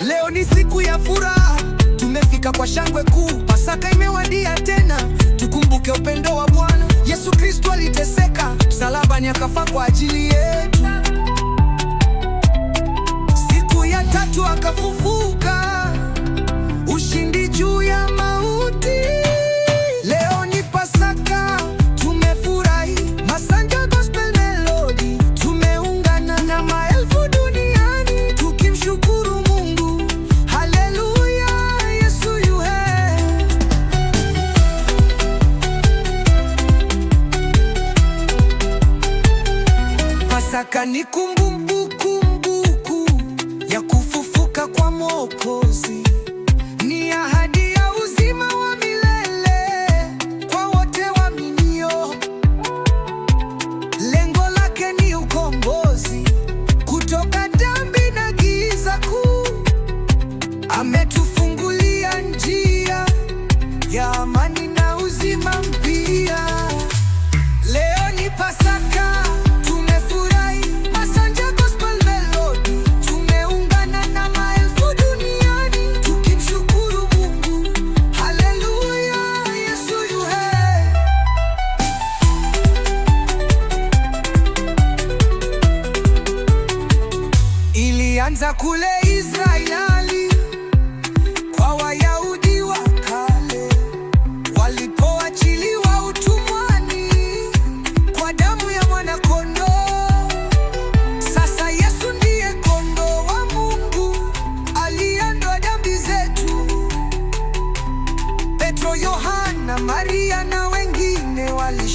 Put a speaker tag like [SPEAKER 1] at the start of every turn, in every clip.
[SPEAKER 1] Leo ni siku ya furaha, tumefika kwa shangwe kuu. Pasaka imewadia tena, tukumbuke upendo wa Bwana. Yesu Kristo aliteseka msalabani, akafa kwa ajili yetu, siku ya tatu akafufuka. Nataka ni kumbukumbu kumbu, ya kufufuka kwa Mwokozi, ni ahadi ya uzima wa milele kwa wote waaminio. Lengo lake ni ukombozi kutoka dhambi na giza kuu. Ametufungulia njia ya amani na uzima mpya. Ilianza kule Israeli kwa Wayahudi wa kale walipoachiliwa utumwani kwa damu ya mwanakondoo. Sasa Yesu ndiye kondoo wa Mungu aliyeondoa dhambi zetu. Petro, Yohana, Maria na wengine wali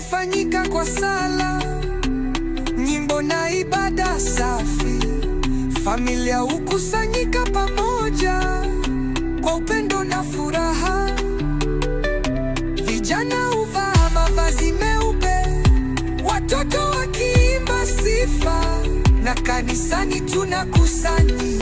[SPEAKER 1] hufanyika kwa sala, nyimbo na ibada safi. Familia hukusanyika pamoja kwa upendo na furaha. Vijana huvaa mavazi meupe, watoto wakiimba sifa, na kanisani tunakusanyika